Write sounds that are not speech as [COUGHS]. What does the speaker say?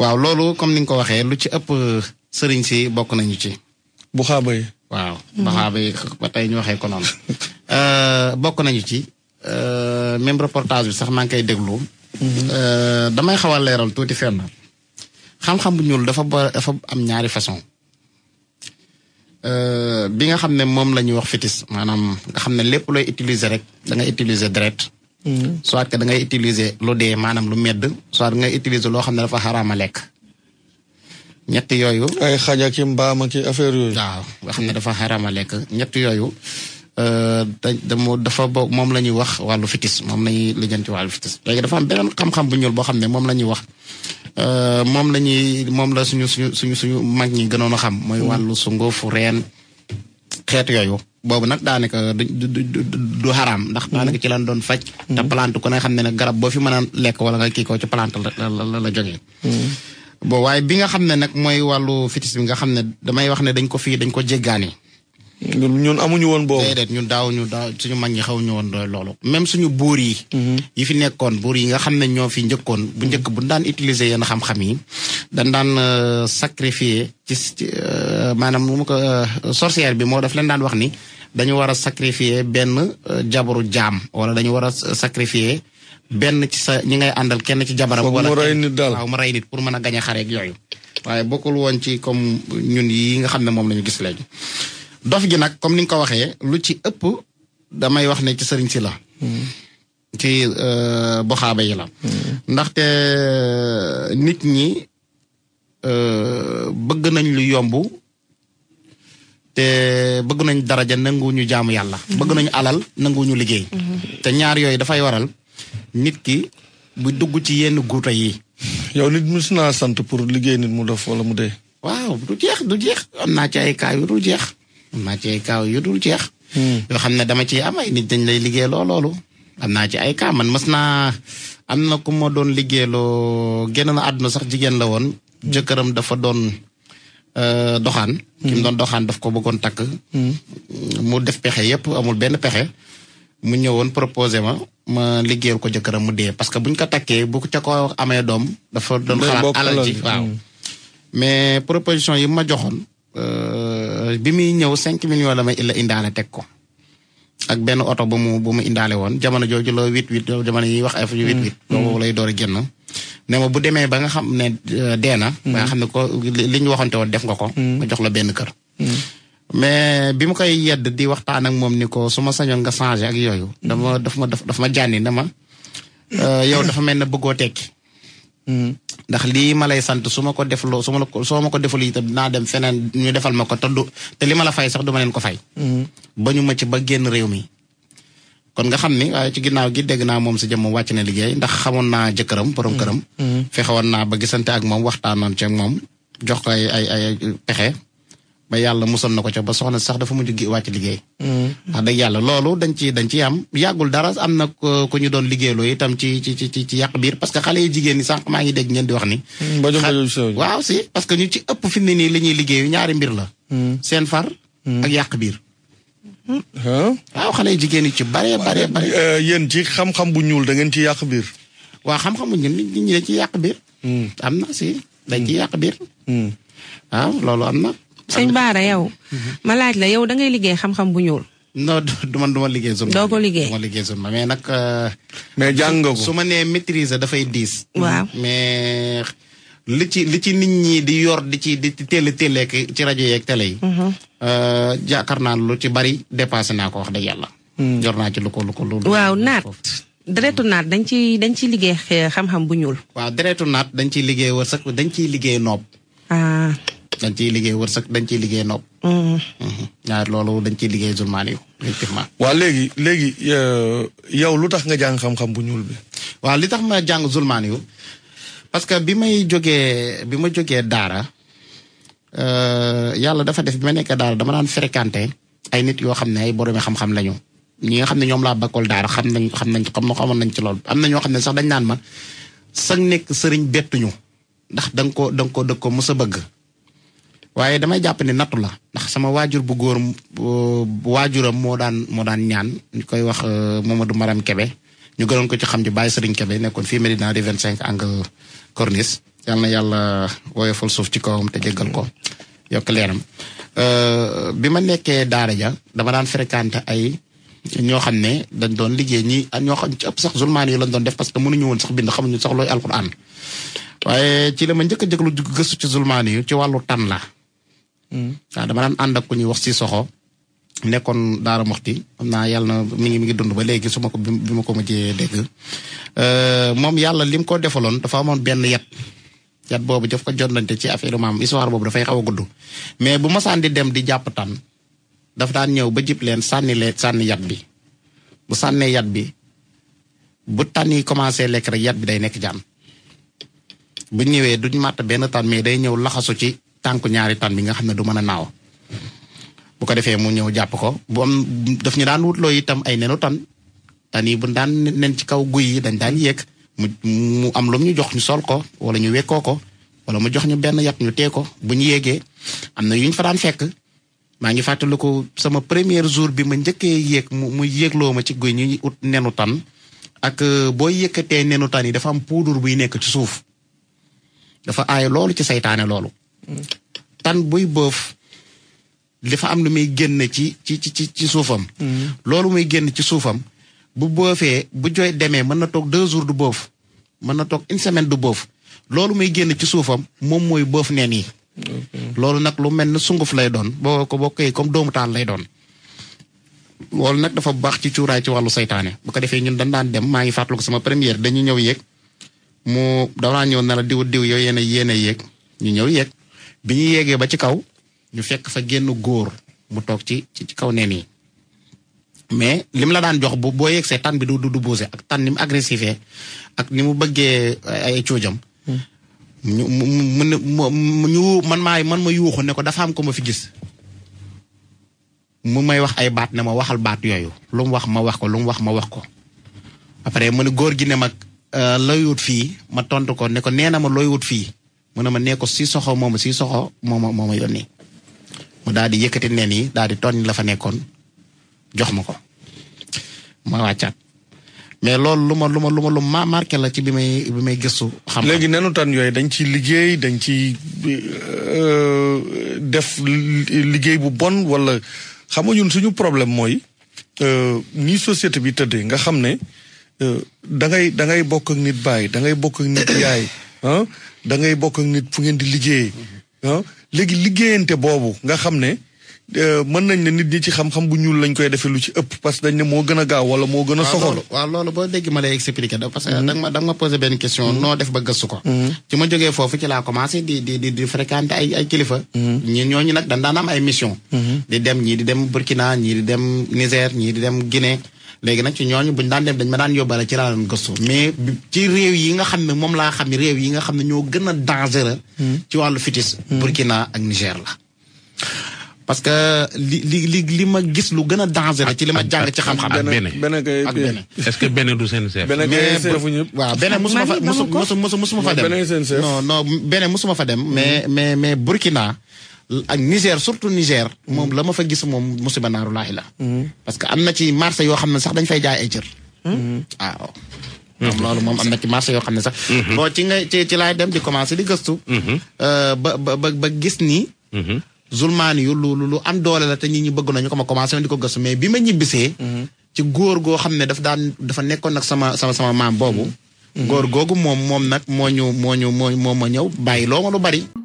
waaw loolu comme ni nga ko waxee lu ci ëpp sëriñ si bokk nañu ci. bu xaaba yi. waaw bu xaaba yi ba tey ñu waxee ko noonu. [LAUGHS] Euh, bokk nañu ci euh, même reportage bi sax maa ngi koy déglu. Mhm. Euh, damay xaw a leeral tuuti fenn. xam-xam bu ñuul dafa dafa am ñaari façon. bi nga xam ne moom la ñuy wax fitis maanaam nga xam ne lépp looy utiliser rek da nga utiliser direct. Mm. soit que da ngay utiliser lu dee maanaam lu medd soit ngay utiliser loo xam ne dafa xaraama lekk ñett yooyu. ay xaja ki mbaama ki affaire yooyu. nga xam ne dafa xaraama lekk ñett yooyu euh, dafa bokk moom la ñuy wax wàllu fitis moom la ñuy lijjanti wàllu fitis léegi dafa am beneen xam-xam bu ñuul boo xam ne moom la ñuy wax. Euh, moom la ñuy moom la suñu suñu suñu suñu mag ñi gënoon a xam. mooy mm. wàllu sunguf reen xeet yooyu. boobu nag daanaka du du xaraam ndax mm-hmm. daanaka ci lan doon faj mm-hmm. te plante ko na xam ne ne garab boo fi mën a lekk wala nga kii ko ci plante la la jógee mm-hmm. bon waaye bi nga xam ne nag mooy wàllu fitis bi nga xam ne damay wax ne dañ ko fii dañ ko jéggaani ñun amuñu woon boo ñun daaw daaw suñu mag ñi xaw ñu woon loolu même suñu buur yi yi fi nekkoon buur yi nga xam ne ñoo fi njëkkoon bu njëkk bu daan utiliser yenn xam-xam yi dañ daan euh, sacrifier ci euh, maanaam mu ko euh, sorcière bi moo def leen daan wax ni dañu war a sacrifier benn jabaru jaam wala dañu war a sacrifier benn ci sa ñi ngay àndal kenn ci jabaram. wala mu rey nit daal waaw mu rey pour mën a gañ a yooyu. waaye bokkul woon ci comme ñun yi nga xam ne moom la ñu gis léegi. dof gi nag comme ni nga ko waxee lu ci ëpp damay wax ne ci sëriñ si hmm. ci boxaaba yi hmm. nit ñi Euh, bëgg nañ lu yomb te bëgg nañ daraja nanguwuñu jaamu yàlla. Mhm. bëgg nañ alal ñu liggéey. Mhm. te ñaar yooyu dafay waral nit ki bu dugg ci yenn guuta yi. yow nit mus naa sant pour liggéey nit mu def wala mu dee. waaw du jeex du jeex am naa ci ay kaa yu dul jeex am hmm. xam ne dama ciy am nit dañ lay liggéey loo loolu. am naa ci ay kaa man mas naa am na ku ma doon liggéeyloo génn na àdduna sax jigéen la woon jëkkëram dafa doon euh, doxaan hmm. ki mu doon doxaan daf ko bëggoon takk hmm. mu def pexe yépp amul benn pexe mu ñëwoon proposé ma ma liggéeyal ko jëkkëram mu dee parce que buñ ko takkee bu ca ko amee doom dafa doon xalaat alal hmm. mais proposition yi ma joxoon euh, bi muy ñëw cinq millions la may illa indaale teg ko ak benn oto bu mu bu mu indaale woon jamono jooju la huit huit jamono yi wax ay fu huit huit boobu lay door a génn ne ma bu demee ba nga xam ne euh, dee na. Mm-hmm. ba nga xam ne ko li ñu waxante woon def nga ko. ma mm-hmm. jox la benn kër. Mm-hmm. mais bi ma koy yedd di waxtaan ak moom ni ko suma ma sañoon nga changé ak yooyu. dama daf ma daf ma jànni ne ma. Euh, yow dafa mel ne bëggoo tekki. ndax lii ma lay sant su ma ko def loo su ma ko soo ma ko deful itam dinaa dem feneen ñu defal ma ko te du te li ma la fay sax du ma leen ko fay. bañu ma ci ba génn réew mi. kon nga xam ni waaye ci ginnaaw gi dégg naa moom si jëmm wàcc na liggéey ndax xamoon naa jëkkëram borom këram mm-hmm. Mm-hmm. fexewoon naa ba gisante ak moom waxtaanoon ci ak moom jox ko ay ay ay pexe ba yàlla musal na ko ca ba soxna sax dafa mujj gi wàcc liggéey mm-hmm. wax dëgg yàlla loolu dañ ci dañ ci am yàggul dara am na ku ñu doon liggéeyloo itam ci ci ci ci yàq biir parce que xale yi jigéen ñi sànq maa ngi degg ngeen di wax ni waaw si parce que ñu ci ëpp fi mu ne nii li ñuy liggéeyu ñaari mbir la seen far ak yàq biir waaw xale jigéen yi ci bare bare bare. Eh, yéen ci xam-xam bu ñuul da ngeen ci yàq biir. waaw xam-xam bu ñuul nit ñi dañ ci yàq biir. Hmm. am na si dañ ci hmm. yàq biir. Hmm. loolu am na. sëñ Baara yow. Mhm. ma laaj la yow da ngay liggéey xam-xam bu ñuul. non du man du ma liggéey zone. doo ko liggéey du ma liggéey zone mais euh, mais jàng su ma nee dafay diis. waaw mais. li ci li ci nit ñi di yor di ci di télé télé ci rajo yeeg télé yi. Mm-hmm. Euh, jaakaar naa lu ci bari dépassé naa ko wax dëgg yàlla. Mm. yor naa ci lu ko lu ko lu. naat dañ ci dañ ciy liggéey xam-xam bu ñuul. waaw deretu naat dañ ciy liggéey wërsëg dañ ciy liggéey noob. Ah. dañ ci liggéey wërsëg dañ ciy liggéey noob. ñaar mm-hmm. mm-hmm. loolu dañ ciy liggéey zulmaan yi effectivement. waaw léegi léegi euh, yow lu tax nga jàng xam-xam bu ñuul bi. waaw li tax ma jàng zulmaan yu parce que bi may jógee bi ma jógee daara euh, yàlla dafa def bi ma nekkee daara dama daan fréquenté ay nit yoo xam ne ay boromi xam-xam lañu ñi nga xam ne ñoom laa bakkol daara xam nañ xam nañ xam xamoon nañ ci loolu am na ñoo ne sax dañ naan ma sax nekk sëriñ bettuñu ndax da nga ko da nga ko mës a bëgg waaye damay jàpp ne nattu la ndax sama waajur bu góor waajuram moo daan moo daan ñaan ñu koy wax moom euh, Mamadou Maram Kebe ñu gënoon ko ci xam ji baay Serigne Kebe nekkoon fii Medina di 25 angle corniche yal na yàlla woyofal suuf ci kawam te jéggal ko yokk leeram euh, bi ma nekkee daara ja dama daan fréquenté ay ñoo xam ne dañ doon liggéey ñi ñoo xam ci ëpp sax zulmaan yi lañ doon def parce que mënuñu woon sax bind xamuñu sax looy alquran waaye ci la ma njëkk jeglu jëkk lu gëstu ci zulmaan yi ci wàllu tan la hmm. waaw dama daan ànd ak ku ñuy wax si soxo nekkoon Daara Moxti am naa yàlla na mi ngi mi ngi dund ba léegi su ma ko bi ma ko mujjee dégg euh, moom yàlla lim ko defaloon dafa amoon benn yat yat boobu daf ko jondante ci affaire maam histoire boobu dafay xaw a gudd mais bu ma di dem di jàpp tan daf daan ñëw ba jib leen sànni le sànni yat bi bu sànnee yat bi bu tan yi commencé lekk rek yat bi day nekk jaan bu ñëwee duñ màtt benn tan mais day ñëw laxasu ci tànku ñaari tan bi nga xam ne du mën a naaw bu ko defee mu ñëw jàpp ko bu am daf ñu daan wutloo itam ay nenu ton tan yi bu daan nen ci kaw guy yi dañ daan yéeg mu mu am lu ñu jox ñu sol ko wala ñu wekkoo ko wala mu jox ñu benn yat ñu tee ko bu ñu yéegee am na yu ñu fa daan fekk maa ngi fàttaliku sama premier jour bi ma njëkkee yéeg mu mu yéegloo ma ci guy ñu ut nenu tan ak euh, boo yëkkatee nenu tan yi dafa am poudre buy nekk ci suuf dafa aay loolu ci seytaane loolu mm. tan buy bëf dafa am lu muy génn ci ci ci ci suufam. Mm-hmm. loolu muy génn ci suufam bu boofee bu jooy demee mën na toog deux jours du boof mën na toog une semaine du boof loolu muy génn ci suufam moom mooy boof neen yi. loolu nag lu mel ni sunguf lay doon boo ko bokkee comme doomu taal lay doon. loolu nag dafa baax ci cuuraay ci wàllu seytaane bu ko defee ñun dañ daan dem maa ngi fàttaliku ko sama première dañu ñëw yéeg mu dafa ñëw na la diw yow yéen a yéen a yéeg ñu ñëw yéeg bi ñu yéegee ba ci kaw ñu fekk fa génn góor mu toog ci ci kaw nen mais lim la daan jox bu boo yegsee tan bi du du du bousé ak tan ni mu agressifé ak ni mu bëggee ay coojam ñu mu mu ñu man maay man ma yuuxu ne ko dafa am ko ma fi gis mu may wax ay baat ne ma waxal baat yooyu lu mu wax ma wax ko lu mu wax ma wax ko après mu ne góor gi ne mag euh, looy wut fii ma tontu ko ne ko nee na ma looy fii mu ne ma nee ko si soxo moom si soxo moom moo ma daal di yëkkati nen yi daal di tonni la fa nekkoon jox ma ko ma wàccaat mais loolu lu ma lu ma lu ma lu ma la ci bi may bi may gëstu. xam léegi nenu tan yooyu dañ ci liggéey dañ ci euh, def liggéey bu bon wala xam nga ñun suñu problème mooy euh, ni société bi tëddee nga xam ne euh, da ngay da ngay bokk ak nit baay da ngay bokk ak nit yaay ah [COUGHS] da ngay bokk ak nit fu ngeen di liggéey ah léegi liggéeyante boobu nga xam ne euh, mën nañ ne nit ñi ci xam-xam bu ñuul lañ koy defee lu ci ëpp parce que dañ ne moo gën gaaw wala moo gën a soxol waaw loolu boo dégg ma lay que da mm-hmm. da nga ma posé benn question mm-hmm. noo def ba gëstu ko mm-hmm. ci ma jógee foofu ci laa commencé di di di di fréquenté ay ay kilifa ñi ñooñu nag dañ daan am ay mission di dem ñii di dem Burkina ñii di dem Niger ñii di dem Guinée léegi nag ci ñooñu buñ daan dem dañ ma daan yóbbaale ci laa doon gëstu mais ci réew yi nga xam ne moom laa xam ne réew yi nga xam ne ñoo gën a dangereux hmm. ci wàllu fitis hmm. Burkina ak Niger la parce que li li li li ma gis lu gën a dangereux ci li ma jàng ci xam-xam ak beneen ak beneen est-ce que beneen du seen chef beneen kay chefu ñëpp waaw beneen musuma fa musuma fa dem non non beneen musuma fa dem mais hmm. mais mais Burkina ak Niger surtout Niger. Mm. moom la ma fa gis moom musiba naaru laahi la. Mm. parce que am na ci marché yoo xam ne sax dañ fay jaay ay cër. moom ah, loolu moom am na ci marché yoo xam ne sax. Mm-hmm. boo ci nga ci ci laay dem commencé di gëstu. Mm-hmm. Euh, ba ba ba gis ni. Mm-hmm. zulmaani yu lu lu am doole la te ñu ñi bëgg nañu ko ma commencé di ko gëstu mais bi ma ñibbisee. ci góor goo xam ne daf daan dafa nekkoon nag sama sama sama maam boobu. góor googu moom moom nag moo ñëw moo ñu moo moo ma ñëw bàyyi loo ma lu bari.